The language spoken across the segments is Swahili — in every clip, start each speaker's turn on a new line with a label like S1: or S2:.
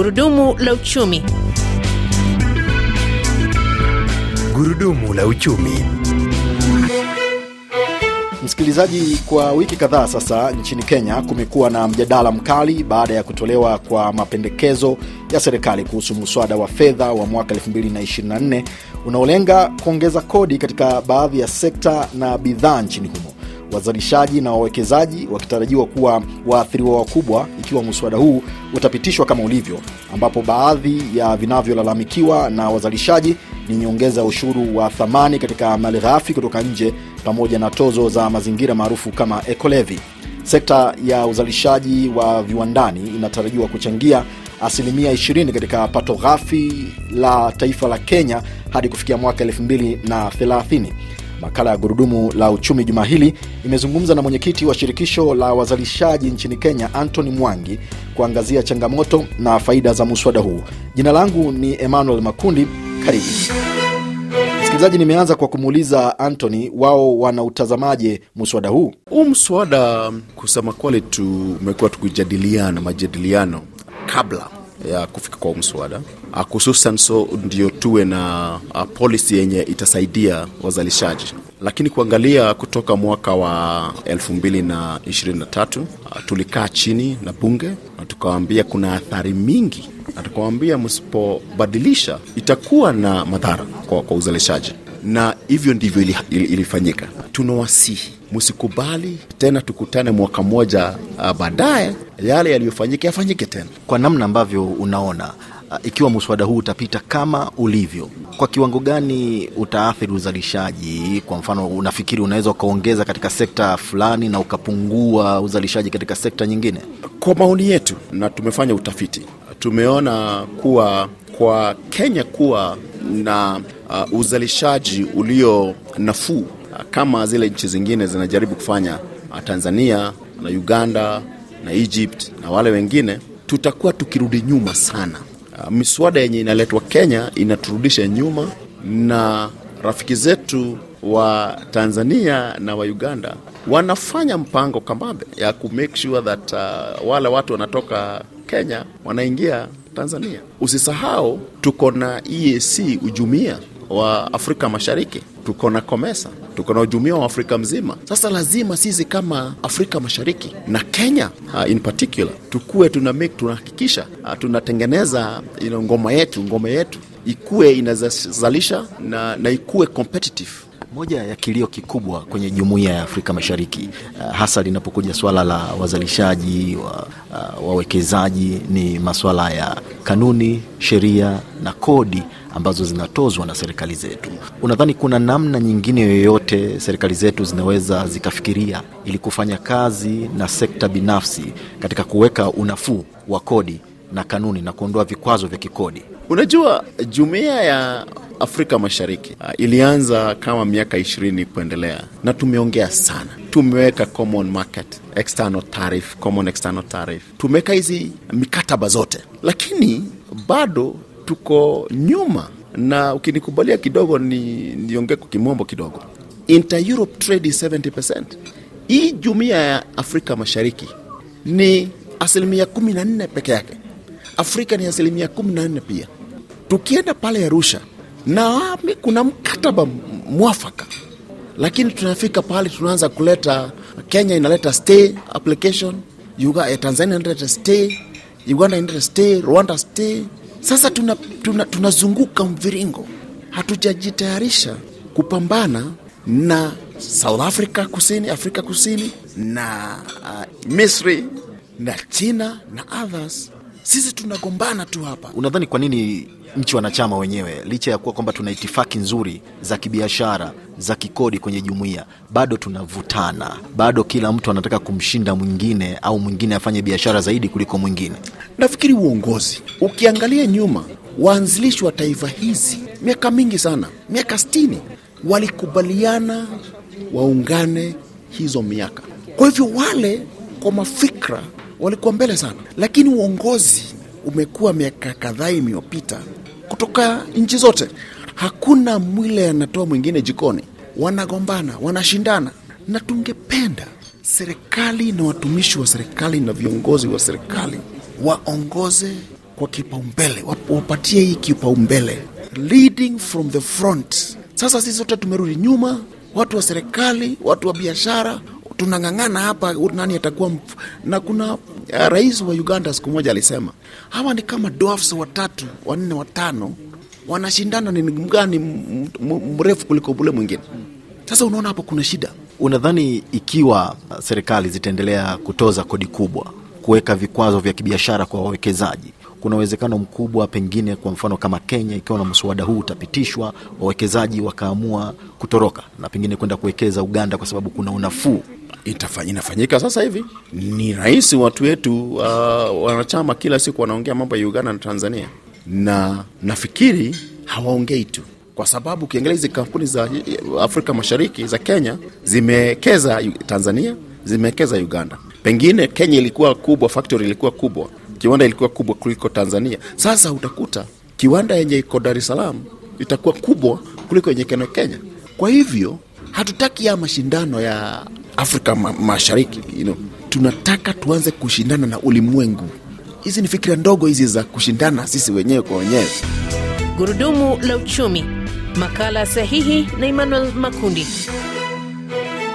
S1: Gurudumu la uchumi.
S2: Gurudumu la uchumi.
S1: Msikilizaji, kwa wiki kadhaa sasa nchini Kenya kumekuwa na mjadala mkali baada ya kutolewa kwa mapendekezo ya serikali kuhusu mswada wa fedha wa mwaka 224 unaolenga kuongeza kodi katika baadhi ya sekta na bidhaa nchini humo wazalishaji na wawekezaji wakitarajiwa kuwa waathiriwa wakubwa ikiwa muswada huu utapitishwa kama ulivyo, ambapo baadhi ya vinavyolalamikiwa na wazalishaji ni nyongeza ya ushuru wa thamani katika mali ghafi kutoka nje pamoja na tozo za mazingira maarufu kama ekolevi. Sekta ya uzalishaji wa viwandani inatarajiwa kuchangia asilimia 20 katika pato ghafi la taifa la Kenya hadi kufikia mwaka 2030. Makala ya Gurudumu la Uchumi juma hili imezungumza na mwenyekiti wa shirikisho la wazalishaji nchini Kenya, antony Mwangi, kuangazia changamoto na faida za muswada huu. Jina langu ni Emmanuel Makundi, karibu msikilizaji. Nimeanza kwa kumuuliza antony wao wanautazamaje muswada huu? Huu mswada
S2: kusema kweli, tumekuwa tukijadiliana majadiliano kabla ya kufika kwa mswada, ah, hususan so ndio tuwe na ah, policy yenye itasaidia wazalishaji lakini kuangalia kutoka mwaka wa 223 ah, tulikaa chini na bunge na tukawambia kuna athari mingi, na tukawambia msipobadilisha itakuwa na madhara kwa, kwa uzalishaji, na hivyo ndivyo ilifanyika tunawasihi msikubali tena tukutane
S1: mwaka mmoja ah, baadaye, yale yaliyofanyika yafanyike tena. Kwa namna ambavyo unaona, ah, ikiwa mswada huu utapita kama ulivyo, kwa kiwango gani utaathiri uzalishaji? Kwa mfano, unafikiri unaweza ukaongeza katika sekta fulani na ukapungua uzalishaji katika sekta nyingine? Kwa maoni yetu, na tumefanya utafiti,
S2: tumeona kuwa kwa Kenya kuwa na uh, uzalishaji ulio nafuu kama zile nchi zingine zinajaribu kufanya, ah, Tanzania na Uganda na Egypt na wale wengine, tutakuwa tukirudi nyuma sana. Ah, miswada yenye inaletwa Kenya inaturudisha nyuma, na rafiki zetu wa Tanzania na wa Uganda wanafanya mpango kambambe ya ku make sure that uh, wale watu wanatoka Kenya wanaingia Tanzania. Usisahau tuko na EAC ujumia wa Afrika Mashariki, tuko na Komesa, tuko na ujumia wa Afrika mzima. Sasa lazima sisi kama Afrika Mashariki na Kenya uh, in particular tukuwe tuna make tunahakikisha uh, tunatengeneza ngoma yetu ngoma yetu ikuwe inazalisha na, na ikuwe competitive
S1: moja ya kilio kikubwa kwenye jumuiya ya Afrika Mashariki uh, hasa linapokuja swala la wazalishaji wa, uh, wawekezaji ni masuala ya kanuni, sheria na kodi ambazo zinatozwa na serikali zetu. Unadhani kuna namna nyingine yoyote serikali zetu zinaweza zikafikiria ili kufanya kazi na sekta binafsi katika kuweka unafuu wa kodi na kanuni na kuondoa vikwazo vya kikodi?
S2: Unajua, jumuiya ya Afrika Mashariki uh, ilianza kama miaka ishirini kuendelea, na tumeongea sana, tumeweka common market, external tariff, common external tariff, tumeweka hizi mikataba zote, lakini bado tuko nyuma, na ukinikubalia kidogo ni niongee kwa kimombo kidogo, inter Europe trade is 70%. Hii jumuiya ya Afrika Mashariki ni asilimia 14 peke yake. Afrika ni asilimia 14 pia. Tukienda pale Arusha na kuna mkataba mwafaka, lakini tunafika pahali tunaanza kuleta, Kenya inaleta stay application, eh, Tanzania inaleta stay, Uganda inaleta stay, Rwanda stay. Sasa tunazunguka tuna, tuna mviringo, hatujajitayarisha kupambana na South Africa Kusini, Afrika Kusini na
S1: uh, Misri na China na others sisi
S2: tunagombana
S1: tu hapa. Unadhani kwa nini nchi wanachama wenyewe, licha ya kuwa kwamba tuna itifaki nzuri za kibiashara za kikodi kwenye jumuiya, bado tunavutana, bado kila mtu anataka kumshinda mwingine au mwingine afanye biashara zaidi kuliko mwingine? Nafikiri uongozi,
S2: ukiangalia nyuma, waanzilishi wa taifa hizi miaka mingi sana, miaka sitini, walikubaliana waungane hizo miaka. Kwa hivyo wale kwa mafikra walikuwa mbele sana, lakini uongozi umekuwa miaka kadhaa imiyopita kutoka nchi zote, hakuna mwile anatoa mwingine jikoni, wanagombana, wanashindana, na tungependa serikali na watumishi wa serikali na viongozi wa serikali waongoze kwa kipaumbele, wapatie hii kipaumbele, leading from the front. Sasa sisi sote tumerudi nyuma, watu wa serikali, watu wa biashara, tunang'ang'ana hapa, nani atakuwa mf... na kuna uh, rais wa Uganda siku moja alisema hawa ni kama dwafs watatu wanne watano wanashindana, ni mgani mrefu
S1: kuliko bule mwingine. Sasa unaona hapo kuna shida. Unadhani ikiwa uh, serikali zitaendelea kutoza kodi kubwa, kuweka vikwazo vya kibiashara kwa wawekezaji, kuna uwezekano mkubwa pengine, kwa mfano kama Kenya, ikiwa na mswada huu utapitishwa, wawekezaji wakaamua kutoroka na pengine kwenda kuwekeza Uganda kwa sababu kuna unafuu itafanya, inafanyika sasa hivi. Ni rahisi watu wetu
S2: uh, wanachama kila siku wanaongea mambo ya Uganda na Tanzania, na nafikiri hawaongei tu kwa sababu ukiangalia hizi kampuni za Afrika Mashariki za Kenya zimewekeza Tanzania, zimewekeza Uganda. Pengine Kenya ilikuwa kubwa, factory ilikuwa kubwa, kiwanda ilikuwa kubwa kuliko Tanzania. Sasa utakuta kiwanda yenye iko Dar es Salaam itakuwa kubwa kuliko yenye kena Kenya. Kwa hivyo Hatutaki ya mashindano ya Afrika ma Mashariki you know. Tunataka tuanze kushindana na ulimwengu. Hizi ni fikira ndogo hizi za kushindana
S1: sisi wenyewe kwa wenyewe. Gurudumu la uchumi, makala sahihi na Emmanuel Makundi.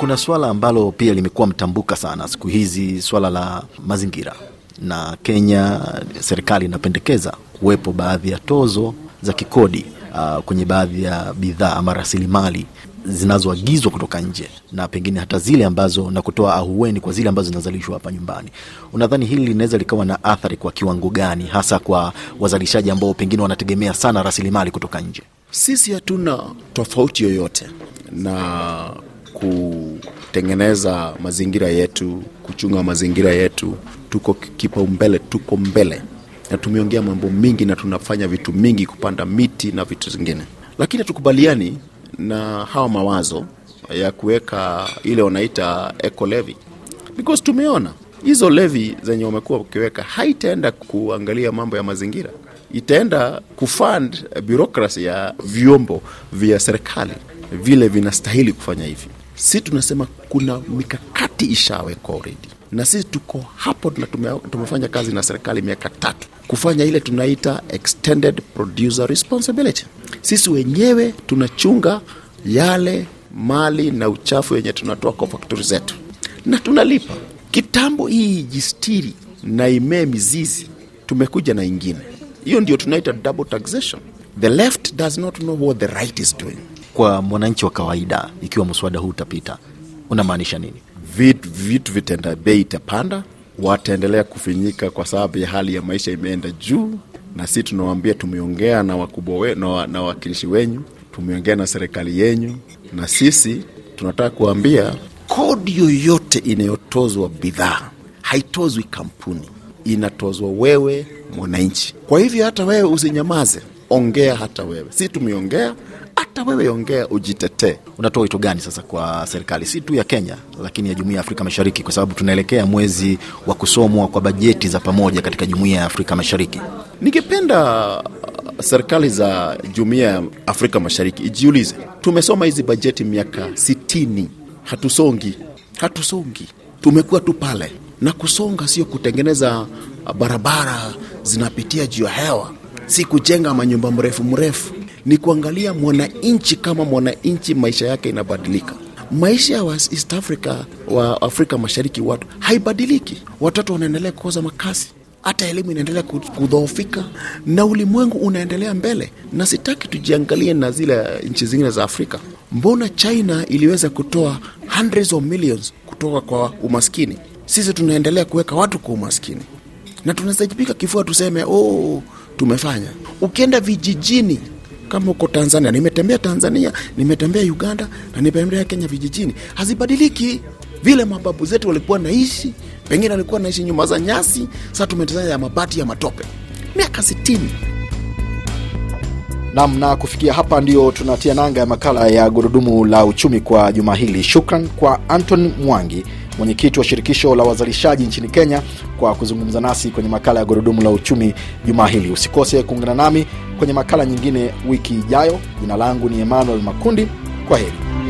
S1: Kuna suala ambalo pia limekuwa mtambuka sana siku hizi, swala la mazingira, na Kenya serikali inapendekeza kuwepo baadhi ya tozo za kikodi uh, kwenye baadhi ya bidhaa ama rasilimali zinazoagizwa kutoka nje na pengine hata zile ambazo na kutoa ahueni kwa zile ambazo zinazalishwa hapa nyumbani. Unadhani hili linaweza likawa na athari kwa kiwango gani, hasa kwa wazalishaji ambao pengine wanategemea sana rasilimali kutoka nje?
S2: Sisi hatuna
S1: tofauti yoyote na kutengeneza mazingira yetu,
S2: kuchunga mazingira yetu, tuko kipaumbele, tuko mbele na tumeongea mambo mingi na tunafanya vitu mingi, kupanda miti na vitu zingine, lakini hatukubaliani na hawa mawazo ya kuweka ile wanaita eco levy, because tumeona hizo levi zenye wamekuwa ukiweka haitaenda kuangalia mambo ya mazingira, itaenda kufund bureaucracy ya vyombo vya serikali vile vinastahili kufanya hivi. Si tunasema kuna mikakati ishawekwa already, na sisi tuko hapo na tume, tumefanya kazi na serikali miaka tatu kufanya ile tunaita extended producer responsibility. Sisi wenyewe tunachunga yale mali na uchafu wenye tunatoa kwa faktori zetu na tunalipa. Kitambo hii jistiri na imee mizizi, tumekuja na ingine
S1: hiyo, ndio tunaita double taxation. The left does not know what the right is doing. Kwa mwananchi wa kawaida, ikiwa mswada huu utapita, unamaanisha nini? Vitu vitu vitenda bei itapanda, wataendelea kufinyika kwa sababu ya hali ya maisha imeenda juu,
S2: na si tunawaambia, tumeongea na wakubwa we, na wawakilishi wenyu, tumeongea na serikali yenyu, na sisi tunataka kuambia kodi yoyote inayotozwa bidhaa haitozwi kampuni, inatozwa wewe mwananchi. Kwa hivyo
S1: hata wewe usinyamaze, ongea hata wewe, si tumeongea hata wewe ongea, ujitetee. Unatoa wito gani sasa kwa serikali si tu ya Kenya, lakini ya jumuiya ya Afrika Mashariki, kwa sababu tunaelekea mwezi wa kusomwa kwa bajeti za pamoja katika jumuiya ya Afrika Mashariki?
S2: Ningependa uh, serikali za jumuiya ya Afrika Mashariki ijiulize, tumesoma hizi bajeti miaka sitini, hatusongi, hatusongi, tumekuwa tu pale na kusonga sio kutengeneza uh, barabara zinapitia juu ya hewa, si kujenga manyumba mrefu mrefu ni kuangalia mwananchi kama mwananchi, maisha yake inabadilika. Maisha ya East Africa wa Afrika Mashariki watu haibadiliki, watoto wanaendelea kukosa makazi hata elimu inaendelea kudhoofika na ulimwengu unaendelea mbele, na sitaki tujiangalie na zile nchi zingine za Afrika. Mbona China iliweza kutoa hundreds of millions kutoka kwa umaskini? Sisi tunaendelea kuweka watu kwa umaskini na tunasajibika kifua tuseme oh, tumefanya. Ukienda vijijini kama huko Tanzania, nimetembea Tanzania, nimetembea Uganda na nimetembea Kenya vijijini, hazibadiliki vile mababu zetu walikuwa naishi, pengine walikuwa naishi nyumba za nyasi, sasa tumetazama ya mabati ya matope, miaka sitini.
S1: Nam, na kufikia hapa ndiyo tunatia nanga ya makala ya gurudumu la uchumi kwa juma hili. Shukran kwa Anton Mwangi mwenyekiti wa shirikisho la wazalishaji nchini Kenya, kwa kuzungumza nasi kwenye makala ya gurudumu la uchumi jumaa hili. Usikose kuungana nami kwenye makala nyingine wiki ijayo. Jina langu ni Emmanuel Makundi. Kwa heri.